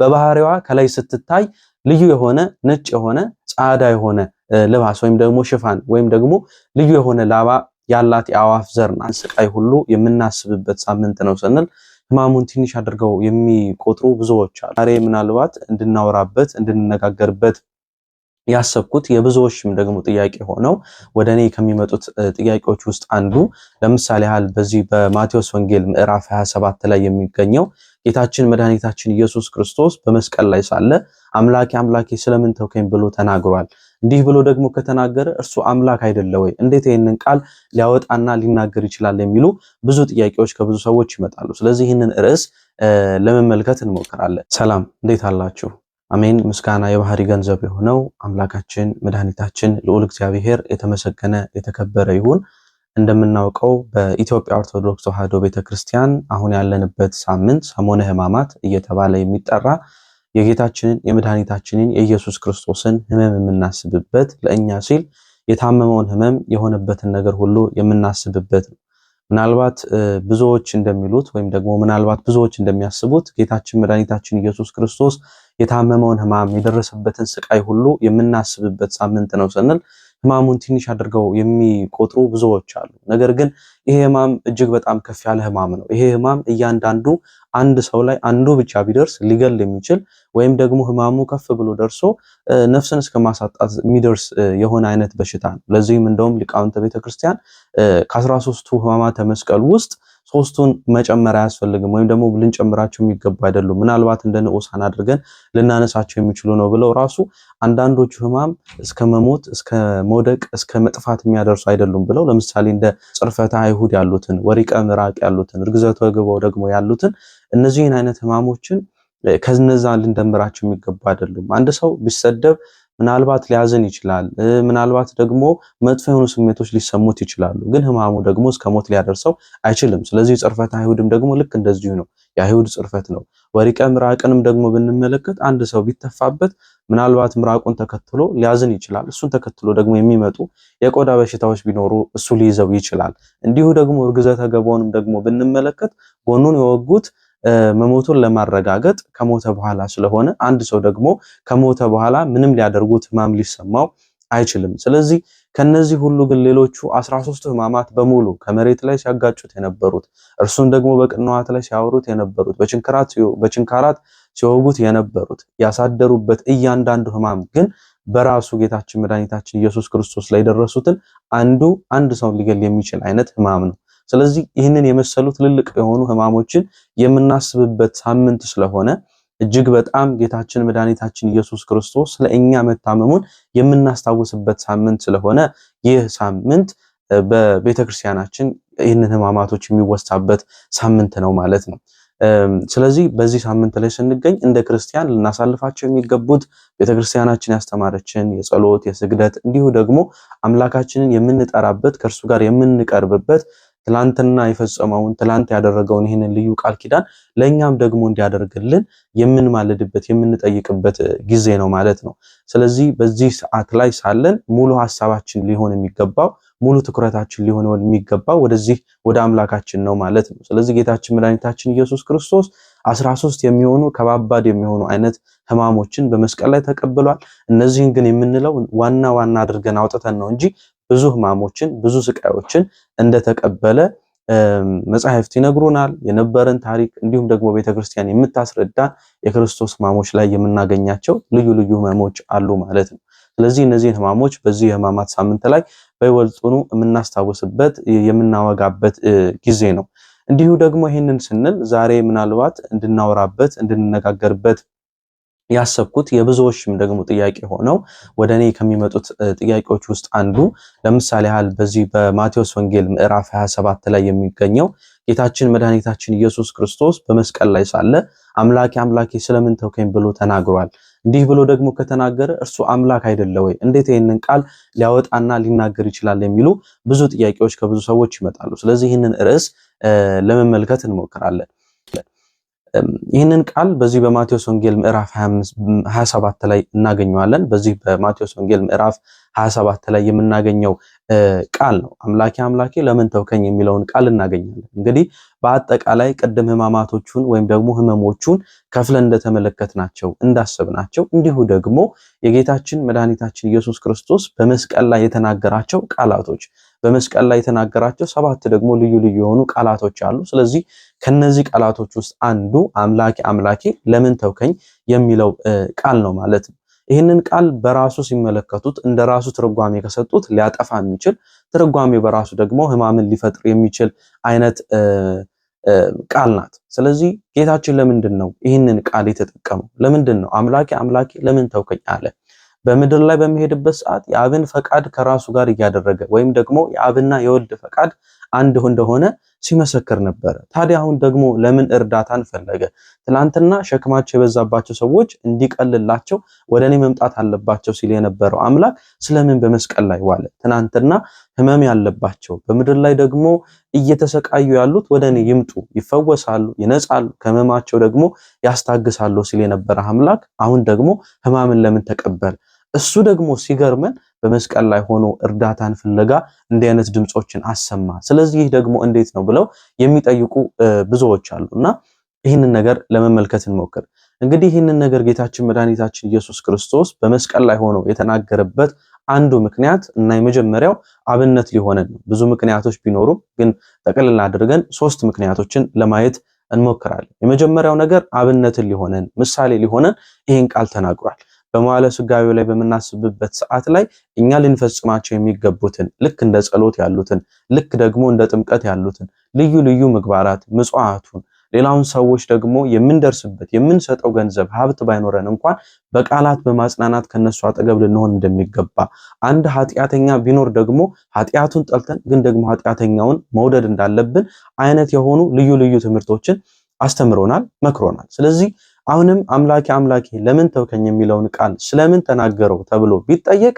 በባህሪዋ ከላይ ስትታይ ልዩ የሆነ ነጭ የሆነ ጻዳ የሆነ ልባስ ወይም ደግሞ ሽፋን ወይም ደግሞ ልዩ የሆነ ላባ ያላት የአዋፍ ዘር ናት። ስቃይ ሁሉ የምናስብበት ሳምንት ነው ስንል ህማሙን ትንሽ አድርገው የሚቆጥሩ ብዙዎች አሉ። ዛሬ ምናልባት እንድናወራበት እንድንነጋገርበት ያሰብኩት የብዙዎችም ደግሞ ጥያቄ ሆነው ወደ እኔ ከሚመጡት ጥያቄዎች ውስጥ አንዱ ለምሳሌ ያህል በዚህ በማቴዎስ ወንጌል ምዕራፍ 27 ላይ የሚገኘው ጌታችን መድኃኒታችን ኢየሱስ ክርስቶስ በመስቀል ላይ ሳለ አምላኬ አምላኬ ስለምን ተውከኝ ብሎ ተናግሯል። እንዲህ ብሎ ደግሞ ከተናገረ እርሱ አምላክ አይደለ ወይ? እንዴት ይህንን ቃል ሊያወጣና ሊናገር ይችላል? የሚሉ ብዙ ጥያቄዎች ከብዙ ሰዎች ይመጣሉ። ስለዚህ ይህንን ርዕስ ለመመልከት እንሞክራለን። ሰላም፣ እንዴት አላችሁ? አሜን። ምስጋና የባህሪ ገንዘብ የሆነው አምላካችን መድኃኒታችን ልዑል እግዚአብሔር የተመሰገነ የተከበረ ይሁን። እንደምናውቀው በኢትዮጵያ ኦርቶዶክስ ተዋሕዶ ቤተክርስቲያን አሁን ያለንበት ሳምንት ሰሞነ ሕማማት እየተባለ የሚጠራ የጌታችንን የመድኃኒታችንን የኢየሱስ ክርስቶስን ሕመም የምናስብበት ለእኛ ሲል የታመመውን ሕመም የሆነበትን ነገር ሁሉ የምናስብበት ነው። ምናልባት ብዙዎች እንደሚሉት ወይም ደግሞ ምናልባት ብዙዎች እንደሚያስቡት ጌታችን መድኃኒታችን ኢየሱስ ክርስቶስ የታመመውን ሕማም የደረሰበትን ስቃይ ሁሉ የምናስብበት ሳምንት ነው ስንል ህማሙን ትንሽ አድርገው የሚቆጥሩ ብዙዎች አሉ። ነገር ግን ይሄ ህማም እጅግ በጣም ከፍ ያለ ህማም ነው። ይሄ ህማም እያንዳንዱ አንድ ሰው ላይ አንዱ ብቻ ቢደርስ ሊገል የሚችል ወይም ደግሞ ህማሙ ከፍ ብሎ ደርሶ ነፍስን እስከ ማሳጣት የሚደርስ የሆነ አይነት በሽታ ነው። ለዚህም እንደውም ሊቃውንተ ቤተክርስቲያን ከአስራ ሦስቱ ህማማተ መስቀል ውስጥ ሶስቱን መጨመር አያስፈልግም ወይም ደግሞ ልንጨምራቸው የሚገባ አይደሉም፣ ምናልባት እንደ ንዑሳን አድርገን ልናነሳቸው የሚችሉ ነው ብለው ራሱ አንዳንዶቹ ህማም እስከ መሞት እስከ መውደቅ እስከ መጥፋት የሚያደርሱ አይደሉም ብለው ለምሳሌ እንደ ጽርፈተ አይሁድ ያሉትን፣ ወሪቀ ምራቅ ያሉትን፣ እርግዘተ ወግበው ደግሞ ያሉትን እነዚህን አይነት ህማሞችን ከነዛ ልንደምራቸው የሚገባ አይደሉም። አንድ ሰው ቢሰደብ ምናልባት ሊያዝን ይችላል። ምናልባት ደግሞ መጥፎ የሆኑ ስሜቶች ሊሰሙት ይችላሉ። ግን ህማሙ ደግሞ እስከ ሞት ሊያደርሰው አይችልም። ስለዚህ ጽርፈት አይሁድም ደግሞ ልክ እንደዚሁ ነው። የአይሁድ ጽርፈት ነው። ወሪቀ ምራቅንም ደግሞ ብንመለከት አንድ ሰው ቢተፋበት ምናልባት ምራቁን ተከትሎ ሊያዝን ይችላል። እሱን ተከትሎ ደግሞ የሚመጡ የቆዳ በሽታዎች ቢኖሩ እሱ ሊይዘው ይችላል። እንዲሁ ደግሞ እርግዘተ ገባውንም ደግሞ ብንመለከት ጎኑን የወጉት መሞቱን ለማረጋገጥ ከሞተ በኋላ ስለሆነ አንድ ሰው ደግሞ ከሞተ በኋላ ምንም ሊያደርጉት ህማም ሊሰማው አይችልም። ስለዚህ ከነዚህ ሁሉ ግን ሌሎቹ 13 ህማማት በሙሉ ከመሬት ላይ ሲያጋጩት የነበሩት እርሱን ደግሞ በቅንዋት ላይ ሲያወሩት የነበሩት በችንካራት ሲወጉት የነበሩት ያሳደሩበት እያንዳንዱ ህማም ግን በራሱ ጌታችን መድኃኒታችን ኢየሱስ ክርስቶስ ላይ የደረሱትን አንዱ አንድ ሰውን ሊገል የሚችል አይነት ህማም ነው። ስለዚህ ይህንን የመሰሉ ትልልቅ የሆኑ ህማሞችን የምናስብበት ሳምንት ስለሆነ እጅግ በጣም ጌታችን መድኃኒታችን ኢየሱስ ክርስቶስ ለእኛ መታመሙን የምናስታውስበት ሳምንት ስለሆነ ይህ ሳምንት በቤተ ክርስቲያናችን ይህንን ህማማቶች የሚወሳበት ሳምንት ነው ማለት ነው። ስለዚህ በዚህ ሳምንት ላይ ስንገኝ እንደ ክርስቲያን ልናሳልፋቸው የሚገቡት ቤተክርስቲያናችን ያስተማረችን የጸሎት የስግደት እንዲሁ ደግሞ አምላካችንን የምንጠራበት ከእርሱ ጋር የምንቀርብበት ትላንትና የፈጸመውን ትላንት ያደረገውን ይህንን ልዩ ቃል ኪዳን ለእኛም ደግሞ እንዲያደርግልን የምንማልድበት የምንጠይቅበት ጊዜ ነው ማለት ነው። ስለዚህ በዚህ ሰዓት ላይ ሳለን ሙሉ ሀሳባችን ሊሆን የሚገባው ሙሉ ትኩረታችን ሊሆን የሚገባው ወደዚህ ወደ አምላካችን ነው ማለት ነው። ስለዚህ ጌታችን መድኃኒታችን ኢየሱስ ክርስቶስ አስራ ሶስት የሚሆኑ ከባባድ የሚሆኑ አይነት ህማሞችን በመስቀል ላይ ተቀብሏል። እነዚህን ግን የምንለው ዋና ዋና አድርገን አውጥተን ነው እንጂ ብዙ ህማሞችን ብዙ ስቃዮችን እንደተቀበለ መጽሐፍት ይነግሩናል። የነበረን ታሪክ እንዲሁም ደግሞ ቤተክርስቲያን የምታስረዳን የክርስቶስ ህማሞች ላይ የምናገኛቸው ልዩ ልዩ ህመሞች አሉ ማለት ነው። ስለዚህ እነዚህን ህማሞች በዚህ የህማማት ሳምንት ላይ በይወልጡኑ የምናስታውስበት የምናወጋበት ጊዜ ነው። እንዲሁ ደግሞ ይህንን ስንል ዛሬ ምናልባት እንድናወራበት እንድንነጋገርበት ያሰብኩት የብዙዎችም ደግሞ ጥያቄ ሆነው ወደ እኔ ከሚመጡት ጥያቄዎች ውስጥ አንዱ ለምሳሌ ያህል በዚህ በማቴዎስ ወንጌል ምዕራፍ 27 ላይ የሚገኘው ጌታችን መድኃኒታችን ኢየሱስ ክርስቶስ በመስቀል ላይ ሳለ አምላኬ አምላኬ ስለምን ተውከኝ ብሎ ተናግሯል። እንዲህ ብሎ ደግሞ ከተናገረ እርሱ አምላክ አይደለ ወይ? እንዴት ይህንን ቃል ሊያወጣና ሊናገር ይችላል? የሚሉ ብዙ ጥያቄዎች ከብዙ ሰዎች ይመጣሉ። ስለዚህ ይህንን ርዕስ ለመመልከት እንሞክራለን። ይህንን ቃል በዚህ በማቴዎስ ወንጌል ምዕራፍ 27 ላይ እናገኘዋለን። በዚህ በማቴዎስ ወንጌል ምዕራፍ 27 ላይ የምናገኘው ቃል ነው። አምላኬ አምላኬ ለምን ተውከኝ የሚለውን ቃል እናገኛለን። እንግዲህ በአጠቃላይ ቅድም ህማማቶቹን ወይም ደግሞ ህመሞቹን ከፍለን እንደተመለከትናቸው እንዳሰብናቸው፣ እንዲሁ ደግሞ የጌታችን መድኃኒታችን ኢየሱስ ክርስቶስ በመስቀል ላይ የተናገራቸው ቃላቶች በመስቀል ላይ የተናገራቸው ሰባት ደግሞ ልዩ ልዩ የሆኑ ቃላቶች አሉ። ስለዚህ ከነዚህ ቃላቶች ውስጥ አንዱ አምላኬ አምላኬ ለምን ተውከኝ የሚለው ቃል ነው ማለት ነው። ይህንን ቃል በራሱ ሲመለከቱት እንደ ራሱ ትርጓሜ ከሰጡት ሊያጠፋ የሚችል ትርጓሜ በራሱ ደግሞ ሕማምን ሊፈጥር የሚችል አይነት ቃል ናት። ስለዚህ ጌታችን ለምንድን ነው ይህንን ቃል የተጠቀመው? ለምንድን ነው አምላኬ አምላኬ ለምን ተውከኝ አለ? በምድር ላይ በሚሄድበት ሰዓት የአብን ፈቃድ ከራሱ ጋር እያደረገ ወይም ደግሞ የአብና የወልድ ፈቃድ አንድ እንደሆነ ሲመሰክር ነበረ። ታዲያ አሁን ደግሞ ለምን እርዳታን ፈለገ? ትላንትና ሸክማቸው የበዛባቸው ሰዎች እንዲቀልላቸው ወደ እኔ መምጣት አለባቸው ሲል የነበረው አምላክ ስለምን በመስቀል ላይ ዋለ? ትናንትና ህመም ያለባቸው በምድር ላይ ደግሞ እየተሰቃዩ ያሉት ወደ እኔ ይምጡ፣ ይፈወሳሉ፣ ይነጻሉ፣ ከህመማቸው ደግሞ ያስታግሳሉ ሲል የነበረ አምላክ አሁን ደግሞ ህማምን ለምን ተቀበለ? እሱ ደግሞ ሲገርመን በመስቀል ላይ ሆኖ እርዳታን ፍለጋ እንዲህ አይነት ድምፆችን አሰማ። ስለዚህ ይህ ደግሞ እንዴት ነው ብለው የሚጠይቁ ብዙዎች አሉ እና ይህንን ነገር ለመመልከት እንሞክር። እንግዲህ ይህንን ነገር ጌታችን መድኃኒታችን ኢየሱስ ክርስቶስ በመስቀል ላይ ሆኖ የተናገረበት አንዱ ምክንያት እና የመጀመሪያው አብነት ሊሆነን ነው። ብዙ ምክንያቶች ቢኖሩም ግን ጠቅልል አድርገን ሶስት ምክንያቶችን ለማየት እንሞክራለን። የመጀመሪያው ነገር አብነትን ሊሆነን ምሳሌ ሊሆነን ይህን ቃል ተናግሯል። በመዋለ ስጋዌው ላይ በምናስብበት ሰዓት ላይ እኛ ልንፈጽማቸው የሚገቡትን ልክ እንደ ጸሎት ያሉትን ልክ ደግሞ እንደ ጥምቀት ያሉትን ልዩ ልዩ ምግባራት ምጽዋቱን ሌላውን ሰዎች ደግሞ የምንደርስበት የምንሰጠው ገንዘብ ሀብት ባይኖረን እንኳን በቃላት በማጽናናት ከነሱ አጠገብ ልንሆን እንደሚገባ አንድ ኃጢአተኛ ቢኖር ደግሞ ኃጢአቱን ጠልተን ግን ደግሞ ኃጢአተኛውን መውደድ እንዳለብን አይነት የሆኑ ልዩ ልዩ ትምህርቶችን አስተምሮናል፣ መክሮናል። ስለዚህ አሁንም አምላኬ አምላኬ ለምን ተውከኝ የሚለውን ቃል ስለምን ተናገረው ተብሎ ቢጠየቅ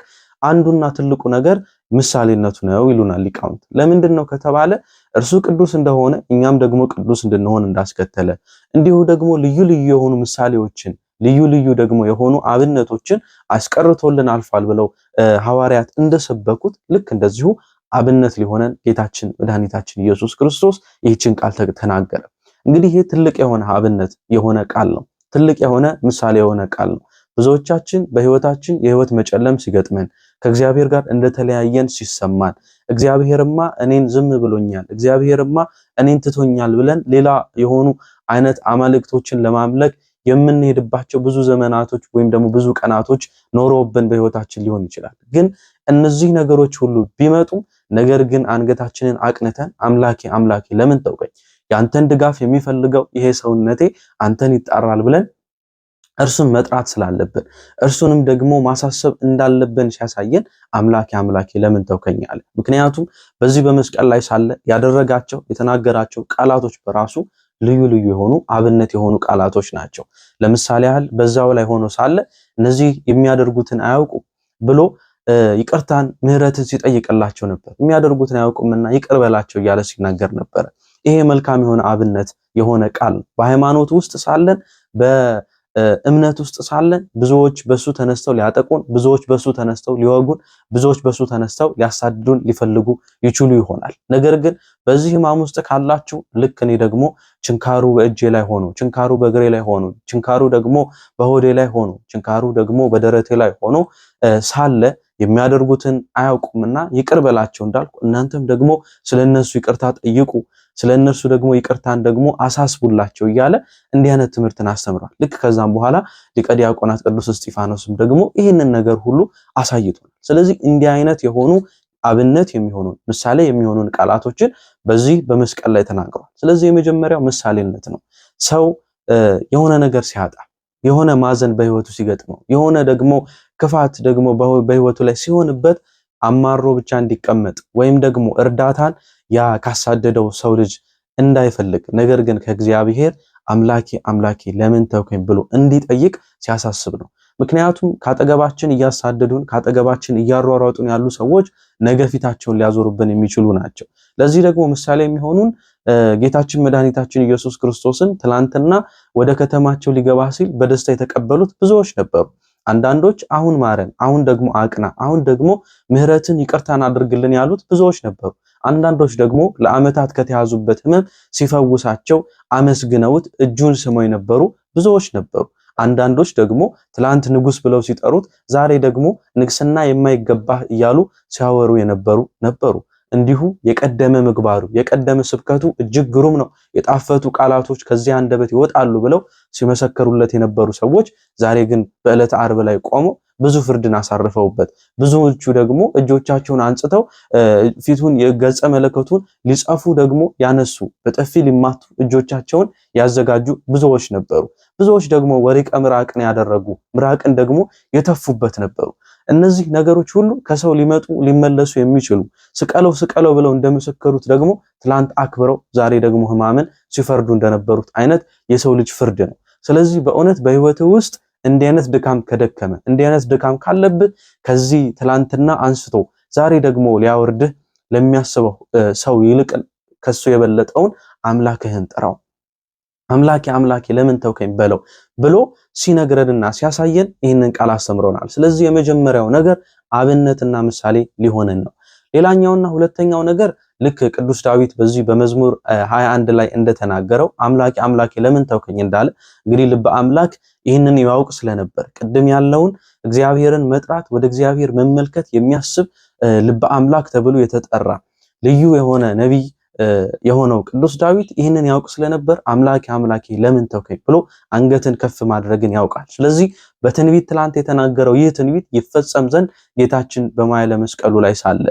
አንዱና ትልቁ ነገር ምሳሌነቱ ነው ይሉናል ሊቃውንት። ለምንድን ነው ከተባለ እርሱ ቅዱስ እንደሆነ እኛም ደግሞ ቅዱስ እንድንሆን እንዳስከተለ እንዲሁ ደግሞ ልዩ ልዩ የሆኑ ምሳሌዎችን ልዩ ልዩ ደግሞ የሆኑ አብነቶችን አስቀርቶልን አልፏል ብለው ሐዋርያት እንደሰበኩት ልክ እንደዚሁ አብነት ሊሆነን ጌታችን መድኃኒታችን ኢየሱስ ክርስቶስ ይህችን ቃል ተናገረ። እንግዲህ ይህ ትልቅ የሆነ አብነት የሆነ ቃል ነው። ትልቅ የሆነ ምሳሌ የሆነ ቃል ነው። ብዙዎቻችን በህይወታችን የህይወት መጨለም ሲገጥመን ከእግዚአብሔር ጋር እንደተለያየን ሲሰማን እግዚአብሔርማ እኔን ዝም ብሎኛል፣ እግዚአብሔርማ እኔን ትቶኛል ብለን ሌላ የሆኑ አይነት አማልክቶችን ለማምለክ የምንሄድባቸው ብዙ ዘመናቶች ወይም ደግሞ ብዙ ቀናቶች ኖሮብን በህይወታችን ሊሆን ይችላል። ግን እነዚህ ነገሮች ሁሉ ቢመጡም ነገር ግን አንገታችንን አቅንተን አምላኬ አምላኬ ለምን ተውቀኝ የአንተን ድጋፍ የሚፈልገው ይሄ ሰውነቴ አንተን ይጣራል ብለን እርሱን መጥራት ስላለብን እርሱንም ደግሞ ማሳሰብ እንዳለብን ሲያሳየን አምላኬ አምላኬ ለምን ተውከኝ አለ። ምክንያቱም በዚህ በመስቀል ላይ ሳለ ያደረጋቸው የተናገራቸው ቃላቶች በራሱ ልዩ ልዩ የሆኑ አብነት የሆኑ ቃላቶች ናቸው። ለምሳሌ ያህል በዛው ላይ ሆኖ ሳለ እነዚህ የሚያደርጉትን አያውቁ ብሎ ይቅርታን፣ ምህረትን ሲጠይቅላቸው ነበር። የሚያደርጉትን አያውቁምና ይቅር በላቸው እያለ ሲናገር ነበር። ይሄ መልካም የሆነ አብነት የሆነ ቃል ነው። በሃይማኖት ውስጥ ሳለን በእምነት ውስጥ ሳለን ብዙዎች በሱ ተነስተው ሊያጠቁን፣ ብዙዎች በሱ ተነስተው ሊወጉን፣ ብዙዎች በሱ ተነስተው ሊያሳድዱን ሊፈልጉ ይችሉ ይሆናል። ነገር ግን በዚህ ሕማም ውስጥ ካላችሁ ልክ እኔ ደግሞ ችንካሩ በእጄ ላይ ሆኖ ችንካሩ በእግሬ ላይ ሆኖ ችንካሩ ደግሞ በሆዴ ላይ ሆኖ ችንካሩ ደግሞ በደረቴ ላይ ሆኖ ሳለ የሚያደርጉትን አያውቁምና ይቅር በላቸው እንዳልኩ፣ እናንተም ደግሞ ስለ እነሱ ይቅርታ ጠይቁ፣ ስለ እነሱ ደግሞ ይቅርታን ደግሞ አሳስቡላቸው እያለ እንዲህ አይነት ትምህርትን አስተምሯል። ልክ ከዛም በኋላ ሊቀ ዲያቆናት ቅዱስ እስጢፋኖስም ደግሞ ይህንን ነገር ሁሉ አሳይቶናል። ስለዚህ እንዲህ አይነት የሆኑ አብነት የሚሆኑ ምሳሌ የሚሆኑን ቃላቶችን በዚህ በመስቀል ላይ ተናግሯል። ስለዚህ የመጀመሪያው ምሳሌነት ነው። ሰው የሆነ ነገር ሲያጣ የሆነ ማዘን በህይወቱ ሲገጥመው የሆነ ደግሞ ክፋት ደግሞ በህይወቱ ላይ ሲሆንበት አማሮ ብቻ እንዲቀመጥ ወይም ደግሞ እርዳታን ያ ካሳደደው ሰው ልጅ እንዳይፈልግ ነገር ግን ከእግዚአብሔር አምላኬ አምላኬ ለምን ተውከኝ ብሎ እንዲጠይቅ ሲያሳስብ ነው። ምክንያቱም ካጠገባችን እያሳደዱን ካጠገባችን እያሯሯጡን ያሉ ሰዎች ነገ ፊታቸውን ሊያዞሩብን የሚችሉ ናቸው። ለዚህ ደግሞ ምሳሌ የሚሆኑን ጌታችን መድኃኒታችን ኢየሱስ ክርስቶስን ትላንትና ወደ ከተማቸው ሊገባ ሲል በደስታ የተቀበሉት ብዙዎች ነበሩ። አንዳንዶች አሁን ማረን፣ አሁን ደግሞ አቅና፣ አሁን ደግሞ ምሕረትን ይቅርታን አድርግልን ያሉት ብዙዎች ነበሩ። አንዳንዶች ደግሞ ለዓመታት ከተያዙበት ሕመም ሲፈውሳቸው አመስግነውት እጁን ስመው የነበሩ ብዙዎች ነበሩ። አንዳንዶች ደግሞ ትላንት ንጉስ ብለው ሲጠሩት ዛሬ ደግሞ ንግስና የማይገባህ እያሉ ሲያወሩ የነበሩ ነበሩ። እንዲሁ የቀደመ ምግባሩ የቀደመ ስብከቱ እጅግ ግሩም ነው፣ የጣፈቱ ቃላቶች ከዚያ አንደበት ይወጣሉ ብለው ሲመሰከሩለት የነበሩ ሰዎች ዛሬ ግን በዕለተ ዓርብ ላይ ቆመው ብዙ ፍርድን አሳርፈውበት፣ ብዙዎቹ ደግሞ እጆቻቸውን አንጽተው ፊቱን የገጸ መለከቱን ሊጸፉ ደግሞ ያነሱ በጥፊ ሊማቱ እጆቻቸውን ያዘጋጁ ብዙዎች ነበሩ። ብዙዎች ደግሞ ወሪቀ ምራቅን ያደረጉ ምራቅን ደግሞ የተፉበት ነበሩ። እነዚህ ነገሮች ሁሉ ከሰው ሊመጡ ሊመለሱ የሚችሉ ስቀለው ስቀለው ብለው እንደመሰከሩት ደግሞ ትላንት አክብረው ዛሬ ደግሞ ሕማምን ሲፈርዱ እንደነበሩት አይነት የሰው ልጅ ፍርድ ነው። ስለዚህ በእውነት በህይወት ውስጥ እንዲህ አይነት ድካም ከደከመ እንዲህ አይነት ድካም ካለብህ ከዚህ ትላንትና አንስቶ ዛሬ ደግሞ ሊያወርድህ ለሚያስበው ሰው ይልቅ ከሱ የበለጠውን አምላክህን ጥራው። አምላኬ አምላኬ ለምን ተውከኝ በለው ብሎ ሲነግረንና ሲያሳየን ይህንን ቃል አስተምሮናል። ስለዚህ የመጀመሪያው ነገር አብነትና ምሳሌ ሊሆነን ነው። ሌላኛውና ሁለተኛው ነገር ልክ ቅዱስ ዳዊት በዚህ በመዝሙር 21 ላይ እንደተናገረው አምላኪ አምላኬ ለምን ተውከኝ እንዳለ እንግዲህ ልበ አምላክ ይህንን ያውቅ ስለነበር ቅድም ያለውን እግዚአብሔርን መጥራት ወደ እግዚአብሔር መመልከት የሚያስብ ልበ አምላክ ተብሎ የተጠራ ልዩ የሆነ ነቢይ የሆነው ቅዱስ ዳዊት ይህንን ያውቅ ስለነበር አምላኬ አምላኬ ለምን ተውከኝ ብሎ አንገትን ከፍ ማድረግን ያውቃል። ስለዚህ በትንቢት ትላንት የተናገረው ይህ ትንቢት ይፈጸም ዘንድ ጌታችን በማይለ መስቀሉ ላይ ሳለ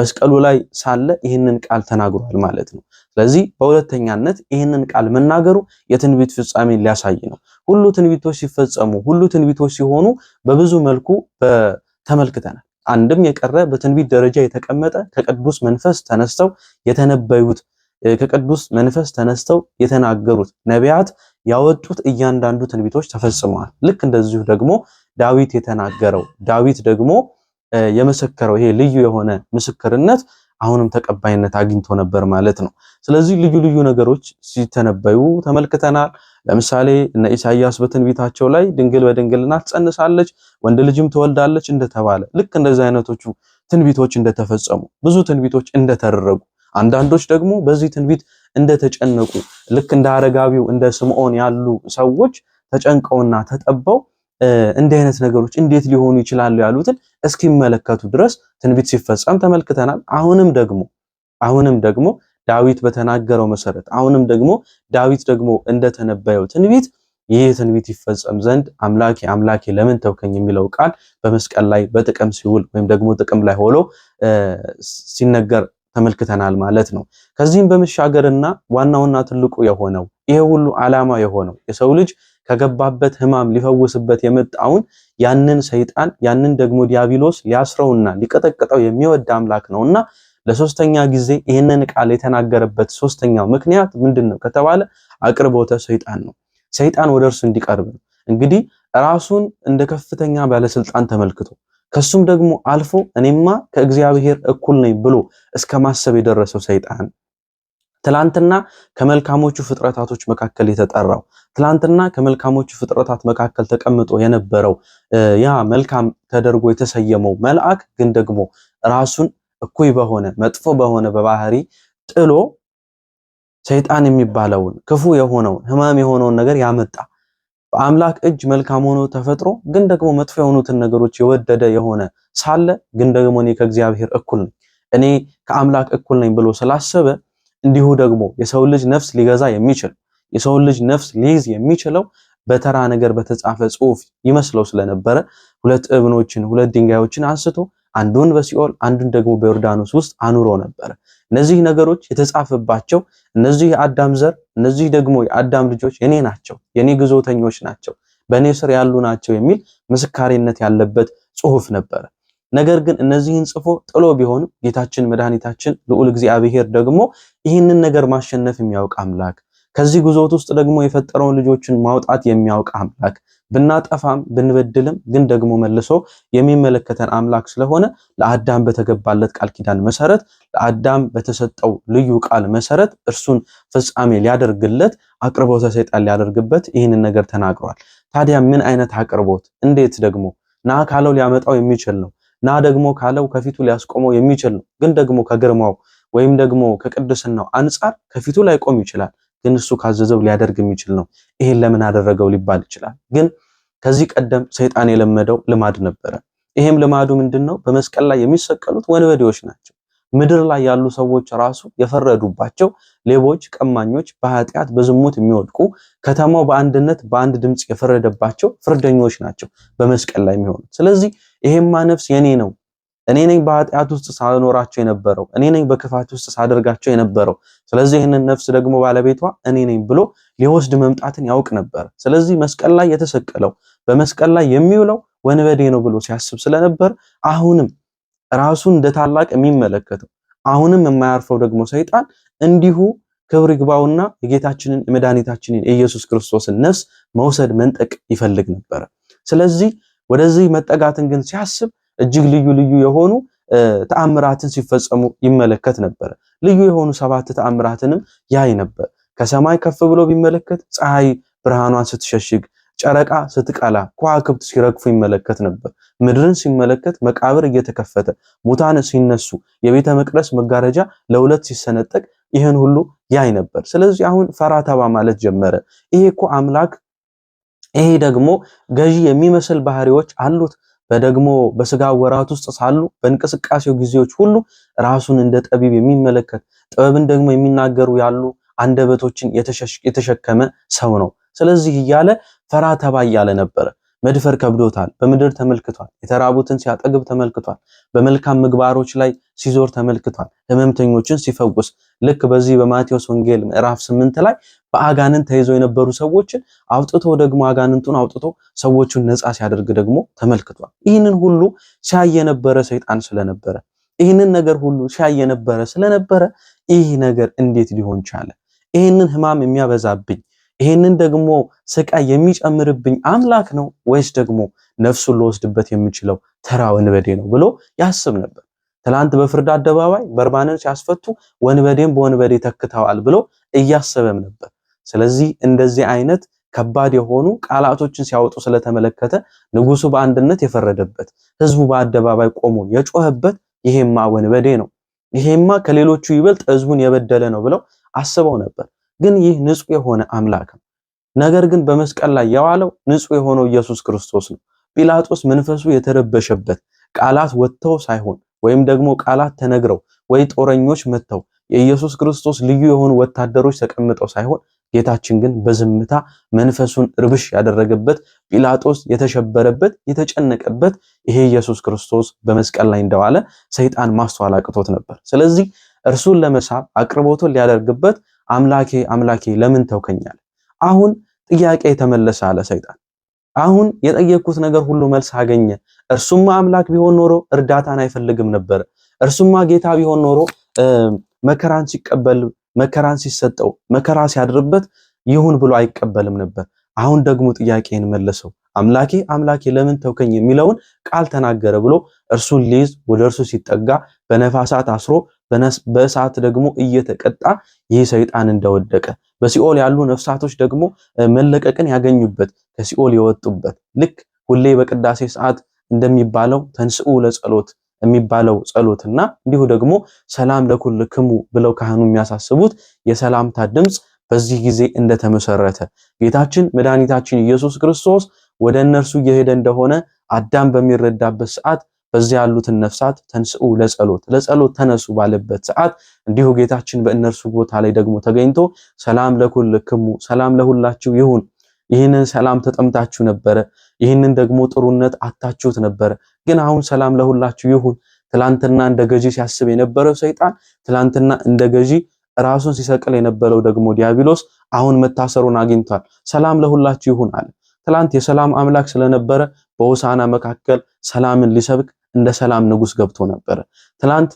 መስቀሉ ላይ ሳለ ይህንን ቃል ተናግሯል ማለት ነው። ስለዚህ በሁለተኛነት ይህንን ቃል መናገሩ የትንቢት ፍጻሜን ሊያሳይ ነው። ሁሉ ትንቢቶች ሲፈጸሙ፣ ሁሉ ትንቢቶች ሲሆኑ በብዙ መልኩ ተመልክተናል። አንድም የቀረ በትንቢት ደረጃ የተቀመጠ ከቅዱስ መንፈስ ተነስተው የተነበዩት ከቅዱስ መንፈስ ተነስተው የተናገሩት ነቢያት ያወጡት እያንዳንዱ ትንቢቶች ተፈጽመዋል። ልክ እንደዚሁ ደግሞ ዳዊት የተናገረው ዳዊት ደግሞ የመሰከረው ይሄ ልዩ የሆነ ምስክርነት አሁንም ተቀባይነት አግኝቶ ነበር ማለት ነው። ስለዚህ ልዩ ልዩ ነገሮች ሲተነበዩ ተመልክተናል። ለምሳሌ እነ ኢሳያስ በትንቢታቸው ላይ ድንግል በድንግልና ትጸንሳለች፣ ወንድ ልጅም ትወልዳለች እንደተባለ ልክ እንደዚህ አይነቶቹ ትንቢቶች እንደተፈጸሙ ብዙ ትንቢቶች እንደተደረጉ አንዳንዶች ደግሞ በዚህ ትንቢት እንደተጨነቁ ልክ እንደ አረጋቢው እንደ ስምዖን ያሉ ሰዎች ተጨንቀውና ተጠበው እንዲህ አይነት ነገሮች እንዴት ሊሆኑ ይችላሉ ያሉትን እስኪመለከቱ ድረስ ትንቢት ሲፈጸም ተመልክተናል። አሁንም ደግሞ አሁንም ደግሞ ዳዊት በተናገረው መሰረት አሁንም ደግሞ ዳዊት ደግሞ እንደተነበየው ትንቢት ይህ ትንቢት ይፈጸም ዘንድ አምላኬ አምላኬ ለምን ተውከኝ የሚለው ቃል በመስቀል ላይ በጥቅም ሲውል ወይም ደግሞ ጥቅም ላይ ሆሎ ሲነገር ተመልክተናል ማለት ነው። ከዚህም በመሻገርና ዋናውና ትልቁ የሆነው ይሄ ሁሉ ዓላማ የሆነው የሰው ልጅ ከገባበት ህማም ሊፈውስበት የመጣውን ያንን ሰይጣን ያንን ደግሞ ዲያብሎስ ሊያስረውና ሊቀጠቅጠው የሚወድ አምላክ ነውና ለሶስተኛ ጊዜ ይህንን ቃል የተናገረበት ሶስተኛው ምክንያት ምንድን ነው ከተባለ አቅርቦተ ሰይጣን ነው። ሰይጣን ወደ እርሱ እንዲቀርብ ነው። እንግዲህ ራሱን እንደ ከፍተኛ ባለስልጣን ተመልክቶ ከሱም ደግሞ አልፎ እኔማ ከእግዚአብሔር እኩል ነኝ ብሎ እስከ ማሰብ የደረሰው ሰይጣን ትላንትና ከመልካሞቹ ፍጥረታቶች መካከል የተጠራው ትላንትና ከመልካሞቹ ፍጥረታት መካከል ተቀምጦ የነበረው ያ መልካም ተደርጎ የተሰየመው መልአክ ግን ደግሞ ራሱን እኩይ በሆነ መጥፎ በሆነ በባህሪ ጥሎ ሰይጣን የሚባለውን ክፉ የሆነውን ህማም የሆነውን ነገር ያመጣ በአምላክ እጅ መልካም ሆኖ ተፈጥሮ ግን ደግሞ መጥፎ የሆኑትን ነገሮች የወደደ የሆነ ሳለ ግን ደግሞ እኔ ከእግዚአብሔር እኩል ነኝ እኔ ከአምላክ እኩል ነኝ ብሎ ስላሰበ እንዲሁ ደግሞ የሰው ልጅ ነፍስ ሊገዛ የሚችል የሰውን ልጅ ነፍስ ሊይዝ የሚችለው በተራ ነገር በተጻፈ ጽሑፍ ይመስለው ስለነበረ ሁለት እብኖችን ሁለት ድንጋዮችን አንስቶ አንዱን በሲኦል አንዱን ደግሞ በዮርዳኖስ ውስጥ አኑሮ ነበረ። እነዚህ ነገሮች የተጻፈባቸው እነዚህ የአዳም ዘር እነዚህ ደግሞ የአዳም ልጆች የኔ ናቸው፣ የኔ ግዞተኞች ናቸው፣ በእኔ ስር ያሉ ናቸው የሚል ምስካሬነት ያለበት ጽሑፍ ነበረ። ነገር ግን እነዚህን ጽፎ ጥሎ ቢሆንም ጌታችን መድኃኒታችን ልዑል እግዚአብሔር ደግሞ ይህንን ነገር ማሸነፍ የሚያውቅ አምላክ ከዚህ ጉዞት ውስጥ ደግሞ የፈጠረውን ልጆችን ማውጣት የሚያውቅ አምላክ ብናጠፋም ብንበድልም ግን ደግሞ መልሶ የሚመለከተን አምላክ ስለሆነ ለአዳም በተገባለት ቃል ኪዳን መሰረት ለአዳም በተሰጠው ልዩ ቃል መሰረት እርሱን ፍጻሜ ሊያደርግለት አቅርቦተ ሰይጣን ሊያደርግበት ይህንን ነገር ተናግሯል። ታዲያ ምን አይነት አቅርቦት? እንዴት ደግሞ ና ካለው ሊያመጣው የሚችል ነው። ና ደግሞ ካለው ከፊቱ ሊያስቆመው የሚችል ነው። ግን ደግሞ ከግርማው ወይም ደግሞ ከቅድስናው አንጻር ከፊቱ ላይ ቆም ይችላል ግን እሱ ካዘዘው ሊያደርግ የሚችል ነው። ይሄን ለምን አደረገው ሊባል ይችላል። ግን ከዚህ ቀደም ሰይጣን የለመደው ልማድ ነበረ። ይሄም ልማዱ ምንድን ነው? በመስቀል ላይ የሚሰቀሉት ወንበዴዎች ናቸው። ምድር ላይ ያሉ ሰዎች ራሱ የፈረዱባቸው ሌቦች፣ ቀማኞች፣ በኃጢአት በዝሙት የሚወድቁ ከተማው በአንድነት በአንድ ድምፅ የፈረደባቸው ፍርደኞች ናቸው በመስቀል ላይ የሚሆኑት። ስለዚህ ይሄማ ነፍስ የኔ ነው እኔ ነኝ በኃጢአት ውስጥ ሳኖራቸው የነበረው፣ እኔ ነኝ በክፋት ውስጥ ሳደርጋቸው የነበረው። ስለዚህ ይህንን ነፍስ ደግሞ ባለቤቷ እኔ ነኝ ብሎ ሊወስድ መምጣትን ያውቅ ነበር። ስለዚህ መስቀል ላይ የተሰቀለው በመስቀል ላይ የሚውለው ወንበዴ ነው ብሎ ሲያስብ ስለነበር አሁንም ራሱን እንደ ታላቅ የሚመለከተው አሁንም የማያርፈው ደግሞ ሰይጣን እንዲሁ ክብር ይግባውና የጌታችንን የመድኃኒታችንን የኢየሱስ ክርስቶስን ነፍስ መውሰድ መንጠቅ ይፈልግ ነበረ። ስለዚህ ወደዚህ መጠጋትን ግን ሲያስብ እጅግ ልዩ ልዩ የሆኑ ተአምራትን ሲፈጸሙ ይመለከት ነበር። ልዩ የሆኑ ሰባት ተአምራትንም ያይ ነበር። ከሰማይ ከፍ ብሎ ቢመለከት ፀሐይ ብርሃኗን ስትሸሽግ፣ ጨረቃ ስትቀላ፣ ከዋክብት ሲረግፉ ይመለከት ነበር። ምድርን ሲመለከት መቃብር እየተከፈተ ሙታን ሲነሱ፣ የቤተ መቅደስ መጋረጃ ለሁለት ሲሰነጠቅ ይህን ሁሉ ያይ ነበር። ስለዚህ አሁን ፈራተባ ማለት ጀመረ። ይሄ እኮ አምላክ ይሄ ደግሞ ገዢ የሚመስል ባህሪዎች አሉት በደግሞ በስጋ ወራት ውስጥ ሳሉ በእንቅስቃሴው ጊዜዎች ሁሉ ራሱን እንደ ጠቢብ የሚመለከት ጥበብን ደግሞ የሚናገሩ ያሉ አንደበቶችን የተሸከመ ሰው ነው። ስለዚህ እያለ ፈራ ተባ እያለ ነበረ። መድፈር ከብዶታል። በምድር ተመልክቷል። የተራቡትን ሲያጠግብ ተመልክቷል። በመልካም ምግባሮች ላይ ሲዞር ተመልክቷል። ህመምተኞችን ሲፈውስ ልክ በዚህ በማቴዎስ ወንጌል ምዕራፍ ስምንት ላይ በአጋንንት ተይዘው የነበሩ ሰዎችን አውጥቶ ደግሞ አጋንንቱን አውጥቶ ሰዎቹን ነፃ ሲያደርግ ደግሞ ተመልክቷል። ይህንን ሁሉ ሲያይ የነበረ ሰይጣን ስለነበረ ይህንን ነገር ሁሉ ሲያይ የነበረ ስለነበረ ይህ ነገር እንዴት ሊሆን ቻለ? ይህንን ህማም የሚያበዛብኝ ይሄንን ደግሞ ስቃይ የሚጨምርብኝ አምላክ ነው ወይስ ደግሞ ነፍሱን ልወስድበት የምችለው ተራ ወንበዴ ነው ብሎ ያስብ ነበር። ትላንት በፍርድ አደባባይ በርባንን ሲያስፈቱ ወንበዴን በወንበዴ ተክተዋል ብሎ እያሰበም ነበር። ስለዚህ እንደዚህ አይነት ከባድ የሆኑ ቃላቶችን ሲያወጡ ስለተመለከተ ንጉሱ በአንድነት የፈረደበት፣ ህዝቡ በአደባባይ ቆሞ የጮኸበት ይሄማ ወንበዴ ነው፣ ይሄማ ከሌሎቹ ይበልጥ ህዝቡን የበደለ ነው ብለው አስበው ነበር። ግን ይህ ንጹህ የሆነ አምላክ ነው። ነገር ግን በመስቀል ላይ የዋለው ንጹህ የሆነው ኢየሱስ ክርስቶስ ነው። ጲላጦስ መንፈሱ የተረበሸበት ቃላት ወጥተው ሳይሆን ወይም ደግሞ ቃላት ተነግረው ወይ ጦረኞች መጥተው የኢየሱስ ክርስቶስ ልዩ የሆኑ ወታደሮች ተቀምጠው ሳይሆን ጌታችን ግን በዝምታ መንፈሱን እርብሽ ያደረገበት ጲላጦስ የተሸበረበት የተጨነቀበት ይሄ ኢየሱስ ክርስቶስ በመስቀል ላይ እንደዋለ ሰይጣን ማስተዋል አቅቶት ነበር። ስለዚህ እርሱን ለመሳብ አቅርቦቱን ሊያደርግበት አምላኬ አምላኬ ለምን ተውከኛል? አሁን ጥያቄ ተመለሰ አለ ሰይጣን። አሁን የጠየቅኩት ነገር ሁሉ መልስ አገኘ። እርሱማ አምላክ ቢሆን ኖሮ እርዳታን አይፈልግም ነበር። እርሱማ ጌታ ቢሆን ኖሮ መከራን ሲቀበል መከራን ሲሰጠው መከራ ሲያድርበት ይሁን ብሎ አይቀበልም ነበር። አሁን ደግሞ ጥያቄን መለሰው። አምላኬ አምላኬ ለምን ተውከኝ የሚለውን ቃል ተናገረ ብሎ እርሱን ሊይዝ ወደ እርሱ ሲጠጋ በነፋሳት አስሮ በእሳት ደግሞ እየተቀጣ ይህ ሰይጣን እንደወደቀ በሲኦል ያሉ ነፍሳቶች ደግሞ መለቀቅን ያገኙበት ከሲኦል የወጡበት ልክ ሁሌ በቅዳሴ ሰዓት እንደሚባለው ተንስኡ ለጸሎት የሚባለው ጸሎትና እንዲሁ ደግሞ ሰላም ለኩልክሙ ብለው ካህኑ የሚያሳስቡት የሰላምታ ድምፅ በዚህ ጊዜ እንደተመሰረተ ጌታችን መድኃኒታችን ኢየሱስ ክርስቶስ ወደ እነርሱ እየሄደ እንደሆነ አዳም በሚረዳበት ሰዓት በዚያ ያሉትን ነፍሳት ተንስኡ ለጸሎት ለጸሎት ተነሱ ባለበት ሰዓት እንዲሁ ጌታችን በእነርሱ ቦታ ላይ ደግሞ ተገኝቶ ሰላም ለኩልክሙ ሰላም ለሁላችሁ ይሁን ይህንን ሰላም ተጠምታችሁ ነበረ፣ ይህንን ደግሞ ጥሩነት አታችሁት ነበረ፣ ግን አሁን ሰላም ለሁላችሁ ይሁን። ትላንትና እንደ ገዢ ሲያስብ የነበረው ሰይጣን ትላንትና እንደ ገዢ ራሱን ሲሰቅል የነበረው ደግሞ ዲያብሎስ አሁን መታሰሩን አግኝቷል። ሰላም ለሁላችሁ ይሁን አለ። ትላንት የሰላም አምላክ ስለነበረ በሆሳና መካከል ሰላምን ሊሰብክ እንደ ሰላም ንጉስ ገብቶ ነበረ። ትላንት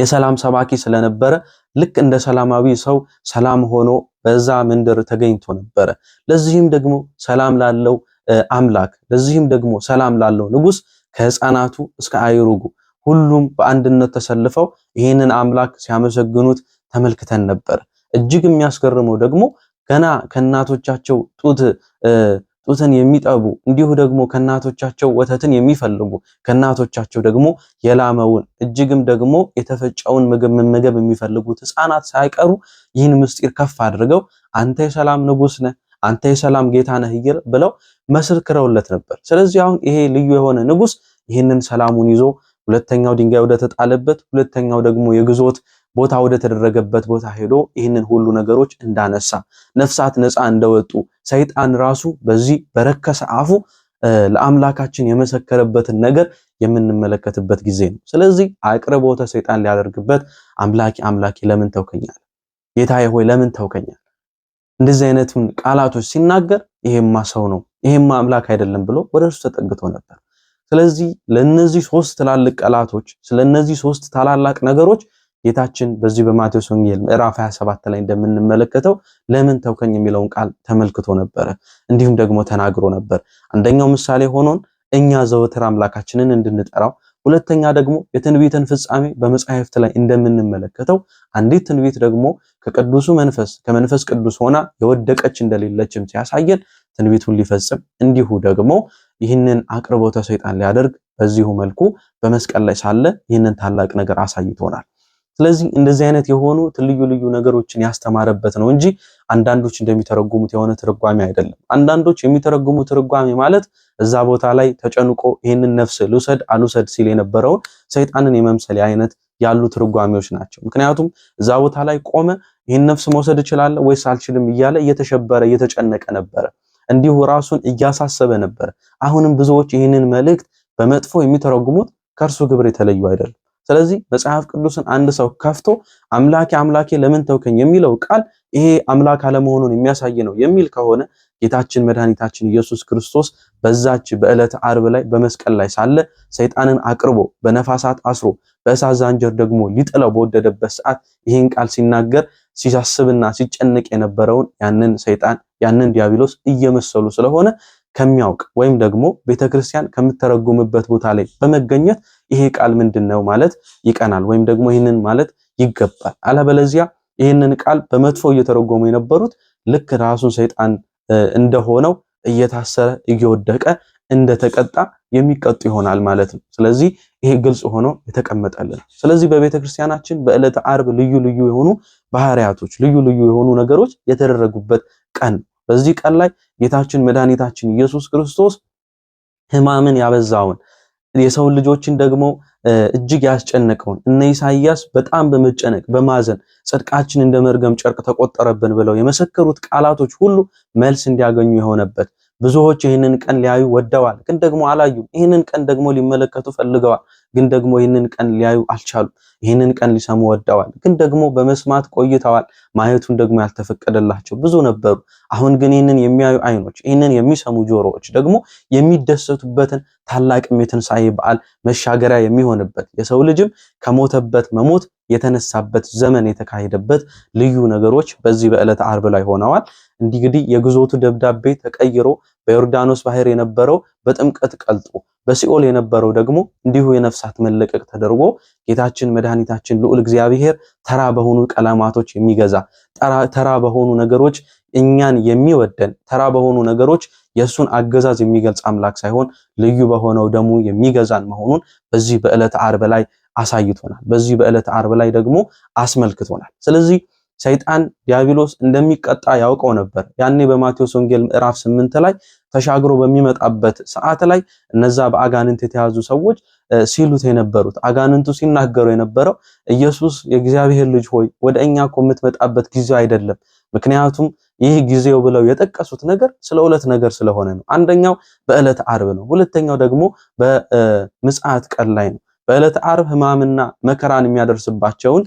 የሰላም ሰባኪ ስለነበረ ልክ እንደ ሰላማዊ ሰው ሰላም ሆኖ በዛ መንደር ተገኝቶ ነበረ። ለዚህም ደግሞ ሰላም ላለው አምላክ ለዚህም ደግሞ ሰላም ላለው ንጉስ ከህፃናቱ እስከ አይሩጉ ሁሉም በአንድነት ተሰልፈው ይህንን አምላክ ሲያመሰግኑት ተመልክተን ነበር። እጅግ የሚያስገርመው ደግሞ ገና ከእናቶቻቸው ጡት ጡትን የሚጠቡ እንዲሁ ደግሞ ከእናቶቻቸው ወተትን የሚፈልጉ ከእናቶቻቸው ደግሞ የላመውን እጅግም ደግሞ የተፈጨውን ምግብ መመገብ የሚፈልጉት ሕፃናት ሳይቀሩ ይህን ምስጢር ከፍ አድርገው አንተ የሰላም ንጉስ ነህ፣ አንተ የሰላም ጌታ ነህ ብለው መስክረውለት ነበር። ስለዚህ አሁን ይሄ ልዩ የሆነ ንጉስ ይህንን ሰላሙን ይዞ ሁለተኛው ድንጋይ ወደ ተጣለበት ሁለተኛው ደግሞ የግዞት ቦታ ወደ ተደረገበት ቦታ ሄዶ ይህንን ሁሉ ነገሮች እንዳነሳ ነፍሳት ነፃ እንደወጡ ሰይጣን ራሱ በዚህ በረከሰ አፉ ለአምላካችን የመሰከረበትን ነገር የምንመለከትበት ጊዜ ነው። ስለዚህ አቅርቦተ ሰይጣን ሊያደርግበት አምላኪ አምላኬ ለምን ተውከኛል? ጌታዬ ሆይ ለምን ተውከኛል? እንደዚህ አይነቱን ቃላቶች ሲናገር ይሄማ ሰው ነው ይሄማ አምላክ አይደለም ብሎ ወደ እርሱ ተጠግቶ ነበር። ስለዚህ ለነዚህ ሶስት ትላልቅ ቃላቶች ስለነዚህ ሶስት ታላላቅ ነገሮች ጌታችን በዚህ በማቴዎስ ወንጌል ምዕራፍ 27 ላይ እንደምንመለከተው ለምን ተውከኝ የሚለውን ቃል ተመልክቶ ነበረ፣ እንዲሁም ደግሞ ተናግሮ ነበር። አንደኛው ምሳሌ ሆኖን እኛ ዘወትር አምላካችንን እንድንጠራው፣ ሁለተኛ ደግሞ የትንቢትን ፍጻሜ በመጽሐፍት ላይ እንደምንመለከተው አንዲት ትንቢት ደግሞ ከቅዱሱ መንፈስ ከመንፈስ ቅዱስ ሆና የወደቀች እንደሌለችም ሲያሳየን ትንቢቱን ሊፈጽም እንዲሁ ደግሞ ይህንን አቅርቦተ ሰይጣን ሊያደርግ በዚሁ መልኩ በመስቀል ላይ ሳለ ይህንን ታላቅ ነገር አሳይቶናል። ስለዚህ እንደዚህ አይነት የሆኑ ልዩ ልዩ ነገሮችን ያስተማረበት ነው እንጂ አንዳንዶች እንደሚተረጉሙት የሆነ ትርጓሜ አይደለም። አንዳንዶች የሚተረጉሙት ትርጓሜ ማለት እዛ ቦታ ላይ ተጨንቆ ይህንን ነፍስ ልውሰድ አልውሰድ ሲል የነበረውን ሰይጣንን የመምሰል አይነት ያሉ ትርጓሜዎች ናቸው። ምክንያቱም እዛ ቦታ ላይ ቆመ ይህን ነፍስ መውሰድ እችላለሁ ወይስ አልችልም እያለ እየተሸበረ እየተጨነቀ ነበረ። እንዲሁ ራሱን እያሳሰበ ነበረ። አሁንም ብዙዎች ይህንን መልእክት በመጥፎ የሚተረጉሙት ከእርሱ ግብር የተለዩ አይደለም። ስለዚህ መጽሐፍ ቅዱስን አንድ ሰው ከፍቶ አምላኬ አምላኬ ለምን ተውከኝ የሚለው ቃል ይሄ አምላክ አለመሆኑን የሚያሳይ ነው የሚል ከሆነ ጌታችን መድኃኒታችን ኢየሱስ ክርስቶስ በዛች በዕለተ ዓርብ ላይ በመስቀል ላይ ሳለ ሰይጣንን አቅርቦ በነፋሳት አስሮ በእሳት ዛንጀር ደግሞ ሊጥለው በወደደበት ሰዓት ይህን ቃል ሲናገር ሲሳስብና ሲጨንቅ የነበረውን ያንን ሰይጣን ያንን ዲያብሎስ እየመሰሉ ስለሆነ ከሚያውቅ ወይም ደግሞ ቤተክርስቲያን ከምትተረጉምበት ቦታ ላይ በመገኘት ይሄ ቃል ምንድን ነው ማለት ይቀናል፣ ወይም ደግሞ ይህንን ማለት ይገባል። አለበለዚያ ይህንን ቃል በመጥፎ እየተረጎሙ የነበሩት ልክ ራሱን ሰይጣን እንደሆነው እየታሰረ እየወደቀ እንደተቀጣ የሚቀጡ ይሆናል ማለት ነው። ስለዚህ ይሄ ግልጽ ሆኖ የተቀመጠልን። ስለዚህ በቤተ ክርስቲያናችን በዕለተ ዓርብ ልዩ ልዩ የሆኑ ባህሪያቶች፣ ልዩ ልዩ የሆኑ ነገሮች የተደረጉበት ቀን በዚህ ቀን ላይ ጌታችን መድኃኒታችን ኢየሱስ ክርስቶስ ሕማምን ያበዛውን የሰውን ልጆችን ደግሞ እጅግ ያስጨነቀውን እነ ኢሳይያስ በጣም በመጨነቅ በማዘን ጽድቃችን እንደ መርገም ጨርቅ ተቆጠረብን ብለው የመሰከሩት ቃላቶች ሁሉ መልስ እንዲያገኙ የሆነበት ብዙዎች ይህንን ቀን ሊያዩ ወደዋል፣ ግን ደግሞ አላዩም። ይህንን ቀን ደግሞ ሊመለከቱ ፈልገዋል፣ ግን ደግሞ ይህንን ቀን ሊያዩ አልቻሉም። ይህንን ቀን ሊሰሙ ወደዋል፣ ግን ደግሞ በመስማት ቆይተዋል። ማየቱን ደግሞ ያልተፈቀደላቸው ብዙ ነበሩ። አሁን ግን ይህንን የሚያዩ አይኖች፣ ይህንን የሚሰሙ ጆሮዎች ደግሞ የሚደሰቱበትን ታላቅም የትንሣኤ በዓል መሻገሪያ የሚሆንበት የሰው ልጅም ከሞተበት መሞት የተነሳበት ዘመን የተካሄደበት ልዩ ነገሮች በዚህ በዕለት ዓርብ ላይ ሆነዋል። እንግዲህ የግዞቱ ደብዳቤ ተቀይሮ በዮርዳኖስ ባህር የነበረው በጥምቀት ቀልጦ በሲኦል የነበረው ደግሞ እንዲሁ የነፍሳት መለቀቅ ተደርጎ ጌታችን መድኃኒታችን ልዑል እግዚአብሔር ተራ በሆኑ ቀለማቶች የሚገዛ ተራ በሆኑ ነገሮች እኛን የሚወደን ተራ በሆኑ ነገሮች የእሱን አገዛዝ የሚገልጽ አምላክ ሳይሆን ልዩ በሆነው ደሙ የሚገዛን መሆኑን በዚህ በዕለት ዓርብ ላይ አሳይቶናል። በዚህ በዕለት ዓርብ ላይ ደግሞ አስመልክቶናል። ስለዚህ ሰይጣን ዲያብሎስ እንደሚቀጣ ያውቀው ነበር። ያኔ በማቴዎስ ወንጌል ምዕራፍ ስምንት ላይ ተሻግሮ በሚመጣበት ሰዓት ላይ እነዛ በአጋንንት የተያዙ ሰዎች ሲሉት የነበሩት አጋንንቱ ሲናገሩ የነበረው ኢየሱስ የእግዚአብሔር ልጅ ሆይ ወደ እኛ እኮ የምትመጣበት ጊዜው አይደለም። ምክንያቱም ይህ ጊዜው ብለው የጠቀሱት ነገር ስለ ሁለት ነገር ስለሆነ ነው። አንደኛው በዕለት ዓርብ ነው። ሁለተኛው ደግሞ በምጽአት ቀን ላይ ነው። በዕለተ ዓርብ ህማምና መከራን የሚያደርስባቸውን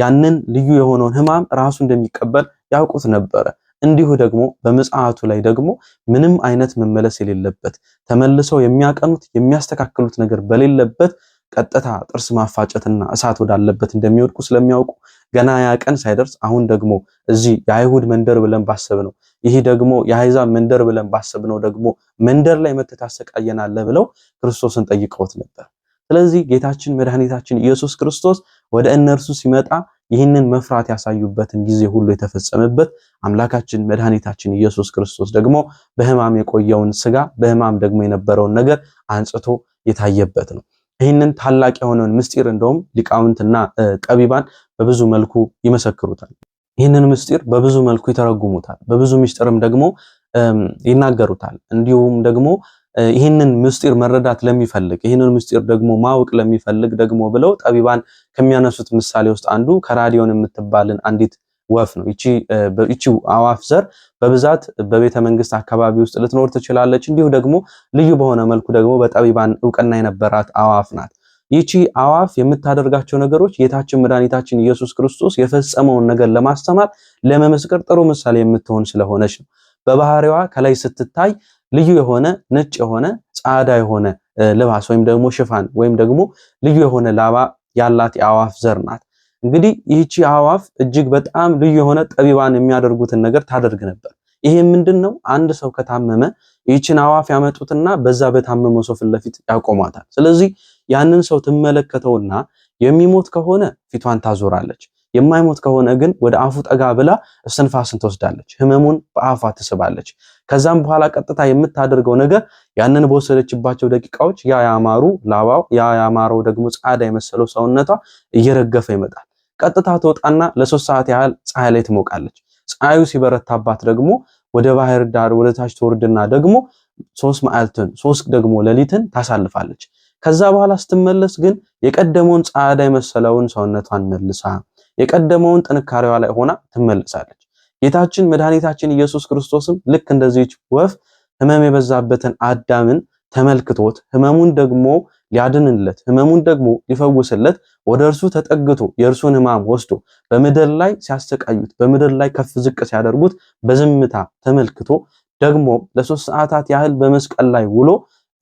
ያንን ልዩ የሆነውን ህማም ራሱ እንደሚቀበል ያውቁት ነበረ። እንዲሁ ደግሞ በምጽአቱ ላይ ደግሞ ምንም አይነት መመለስ የሌለበት ተመልሰው የሚያቀኑት የሚያስተካክሉት ነገር በሌለበት ቀጥታ ጥርስ ማፋጨትና እሳት ወዳለበት እንደሚወድቁ ስለሚያውቁ ገና ያ ቀን ሳይደርስ አሁን ደግሞ እዚህ የአይሁድ መንደር ብለን ባሰብ ነው ይህ ደግሞ የአሕዛብ መንደር ብለን ባሰብ ነው ደግሞ መንደር ላይ መተህ ታሰቃየናለህ ብለው ክርስቶስን ጠይቀውት ነበር። ስለዚህ ጌታችን መድኃኒታችን ኢየሱስ ክርስቶስ ወደ እነርሱ ሲመጣ ይህንን መፍራት ያሳዩበትን ጊዜ ሁሉ የተፈጸመበት አምላካችን መድኃኒታችን ኢየሱስ ክርስቶስ ደግሞ በሕማም የቆየውን ስጋ በሕማም ደግሞ የነበረውን ነገር አንጽቶ የታየበት ነው። ይህንን ታላቅ የሆነውን ምስጢር እንደውም ሊቃውንትና ጠቢባን በብዙ መልኩ ይመሰክሩታል። ይህንን ምስጢር በብዙ መልኩ ይተረጉሙታል። በብዙ ምስጢርም ደግሞ ይናገሩታል። እንዲሁም ደግሞ ይህንን ምስጢር መረዳት ለሚፈልግ ይህንን ምስጢር ደግሞ ማወቅ ለሚፈልግ ደግሞ ብለው ጠቢባን ከሚያነሱት ምሳሌ ውስጥ አንዱ ከራዲዮን የምትባልን አንዲት ወፍ ነው። ይቺ አዋፍ ዘር በብዛት በቤተ መንግስት አካባቢ ውስጥ ልትኖር ትችላለች። እንዲሁ ደግሞ ልዩ በሆነ መልኩ ደግሞ በጠቢባን እውቅና የነበራት አዋፍ ናት። ይቺ አዋፍ የምታደርጋቸው ነገሮች ጌታችን መድኃኒታችን ኢየሱስ ክርስቶስ የፈጸመውን ነገር ለማስተማር ለመመስከር ጥሩ ምሳሌ የምትሆን ስለሆነች ነው። በባህሪዋ ከላይ ስትታይ ልዩ የሆነ ነጭ የሆነ ጻዳ የሆነ ልባስ ወይም ደግሞ ሽፋን ወይም ደግሞ ልዩ የሆነ ላባ ያላት የአዋፍ ዘር ናት። እንግዲህ ይህቺ አዋፍ እጅግ በጣም ልዩ የሆነ ጠቢባን የሚያደርጉትን ነገር ታደርግ ነበር። ይሄ ምንድን ነው? አንድ ሰው ከታመመ ይህችን አዋፍ ያመጡትና በዛ በታመመ ሰው ፊት ለፊት ያቆሟታል። ስለዚህ ያንን ሰው ትመለከተውና የሚሞት ከሆነ ፊቷን ታዞራለች፣ የማይሞት ከሆነ ግን ወደ አፉ ጠጋ ብላ እስትንፋስን ትወስዳለች፣ ህመሙን በአፏ ትስባለች። ከዛም በኋላ ቀጥታ የምታደርገው ነገር ያንን በወሰደችባቸው ደቂቃዎች ያ ያማሩ ላባው ያ ያማረው ደግሞ ጻዳ የመሰለው ሰውነቷ እየረገፈ ይመጣል። ቀጥታ ትወጣና ለሶስት ሰዓት ያህል ፀሐይ ላይ ትሞቃለች። ፀሐዩ ሲበረታባት ደግሞ ወደ ባህር ዳር ወደ ታች ትወርድና ደግሞ ሶስት መዓልትን ሶስት ደግሞ ሌሊትን ታሳልፋለች። ከዛ በኋላ ስትመለስ ግን የቀደመውን ፀዳ የመሰለውን ሰውነቷን መልሳ የቀደመውን ጥንካሬዋ ላይ ሆና ትመለሳለች። ጌታችን መድኃኒታችን ኢየሱስ ክርስቶስም ልክ እንደዚች ወፍ ህመም የበዛበትን አዳምን ተመልክቶት ህመሙን ደግሞ ሊያድንለት ህመሙን ደግሞ ሊፈውስለት ወደ እርሱ ተጠግቶ የእርሱን ህማም ወስዶ በምድር ላይ ሲያሰቃዩት በምድር ላይ ከፍ ዝቅ ሲያደርጉት በዝምታ ተመልክቶ ደግሞ ለሶስት ሰዓታት ያህል በመስቀል ላይ ውሎ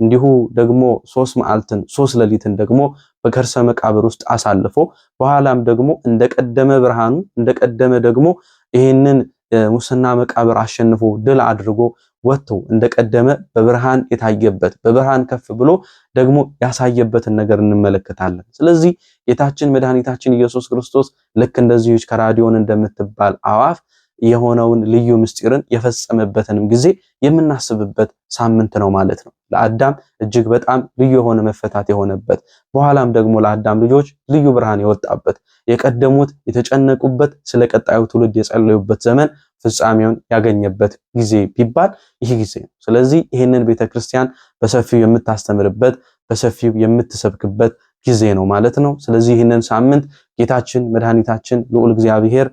እንዲሁ ደግሞ ሶስት መዓልትን ሶስት ሌሊትን ደግሞ በከርሰ መቃብር ውስጥ አሳልፎ በኋላም ደግሞ እንደቀደመ ብርሃኑ እንደቀደመ ደግሞ ይህንን ሙስና መቃብር አሸንፎ ድል አድርጎ ወጥቶ እንደቀደመ በብርሃን የታየበት በብርሃን ከፍ ብሎ ደግሞ ያሳየበትን ነገር እንመለከታለን። ስለዚህ ጌታችን መድኃኒታችን ኢየሱስ ክርስቶስ ልክ እንደዚህች ከራዲዮን እንደምትባል አዋፍ የሆነውን ልዩ ምስጢርን የፈጸመበትንም ጊዜ የምናስብበት ሳምንት ነው ማለት ነው። ለአዳም እጅግ በጣም ልዩ የሆነ መፈታት የሆነበት በኋላም ደግሞ ለአዳም ልጆች ልዩ ብርሃን የወጣበት የቀደሙት የተጨነቁበት ስለ ቀጣዩ ትውልድ የጸለዩበት ዘመን ፍጻሜውን ያገኘበት ጊዜ ቢባል ይህ ጊዜ ነው። ስለዚህ ይህንን ቤተክርስቲያን በሰፊው የምታስተምርበት በሰፊው የምትሰብክበት ጊዜ ነው ማለት ነው። ስለዚህ ይህንን ሳምንት ጌታችን መድኃኒታችን ልዑል እግዚአብሔር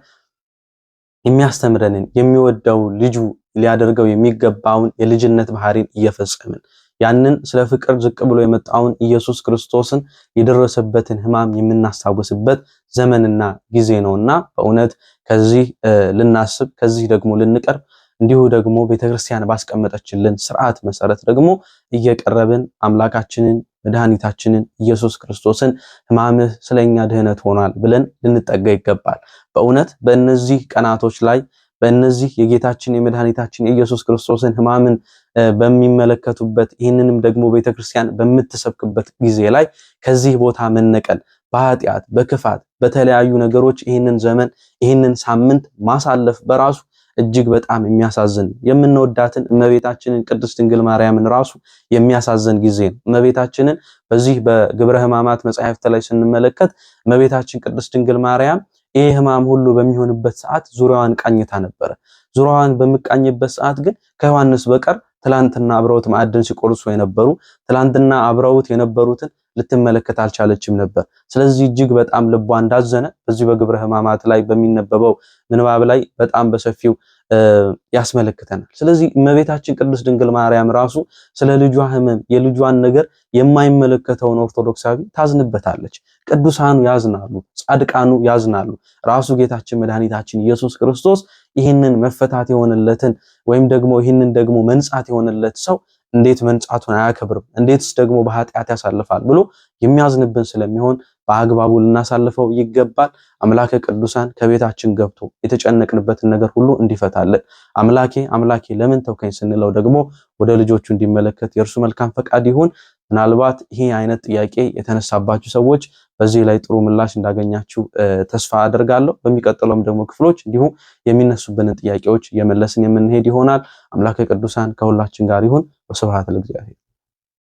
የሚያስተምረንን የሚወደው ልጁ ሊያደርገው የሚገባውን የልጅነት ባህሪን እየፈጸምን ያንን ስለ ፍቅር ዝቅ ብሎ የመጣውን ኢየሱስ ክርስቶስን የደረሰበትን ሕማም የምናስታውስበት ዘመንና ጊዜ ነውና በእውነት ከዚህ ልናስብ ከዚህ ደግሞ ልንቀርብ እንዲሁ ደግሞ ቤተክርስቲያን ባስቀመጠችልን ስርዓት መሰረት ደግሞ እየቀረብን አምላካችንን መድኃኒታችንን ኢየሱስ ክርስቶስን ሕማምህ ስለኛ ድህነት ሆኗል ብለን ልንጠጋ ይገባል። በእውነት በእነዚህ ቀናቶች ላይ በእነዚህ የጌታችን የመድኃኒታችን የኢየሱስ ክርስቶስን ሕማምን በሚመለከቱበት ይህንንም ደግሞ ቤተክርስቲያን በምትሰብክበት ጊዜ ላይ ከዚህ ቦታ መነቀል በኃጢአት በክፋት በተለያዩ ነገሮች ይህንን ዘመን ይህንን ሳምንት ማሳለፍ በራሱ እጅግ በጣም የሚያሳዝን የምንወዳትን እመቤታችንን ቅድስት ድንግል ማርያምን ራሱ የሚያሳዝን ጊዜ ነው። እመቤታችንን በዚህ በግብረ ሕማማት መጽሐፍት ላይ ስንመለከት እመቤታችን ቅድስት ድንግል ማርያም ይሄ ሕማም ሁሉ በሚሆንበት ሰዓት ዙሪያዋን ቃኝታ ነበረ። ዙሪያዋን በምቃኝበት ሰዓት ግን ከዮሐንስ በቀር ትላንትና አብረውት ማዕድን ሲቆልሱ የነበሩ ትላንትና አብረውት የነበሩትን ልትመለከት አልቻለችም ነበር። ስለዚህ እጅግ በጣም ልቧ እንዳዘነ በዚሁ በግብረ ሕማማት ላይ በሚነበበው ምንባብ ላይ በጣም በሰፊው ያስመለክተናል። ስለዚህ እመቤታችን ቅድስት ድንግል ማርያም ራሱ ስለ ልጇ ሕመም የልጇን ነገር የማይመለከተውን ኦርቶዶክሳዊ ታዝንበታለች። ቅዱሳኑ ያዝናሉ፣ ጻድቃኑ ያዝናሉ። ራሱ ጌታችን መድኃኒታችን ኢየሱስ ክርስቶስ ይህንን መፈታት የሆነለትን ወይም ደግሞ ይህንን ደግሞ መንጻት የሆነለት ሰው እንዴት መንጻቱን አያከብርም? እንዴትስ ደግሞ በኃጢአት ያሳልፋል ብሎ የሚያዝንብን ስለሚሆን በአግባቡ ልናሳልፈው ይገባል። አምላከ ቅዱሳን ከቤታችን ገብቶ የተጨነቅንበትን ነገር ሁሉ እንዲፈታልን አምላኬ አምላኬ ለምን ተውከኝ ስንለው ደግሞ ወደ ልጆቹ እንዲመለከት የእርሱ መልካም ፈቃድ ይሁን። ምናልባት ይህ አይነት ጥያቄ የተነሳባችሁ ሰዎች በዚህ ላይ ጥሩ ምላሽ እንዳገኛችሁ ተስፋ አደርጋለሁ። በሚቀጥለውም ደግሞ ክፍሎች እንዲሁም የሚነሱብንን ጥያቄዎች እየመለስን የምንሄድ ይሆናል። አምላከ ቅዱሳን ከሁላችን ጋር ይሁን። ወስብሐት ለእግዚአብሔር።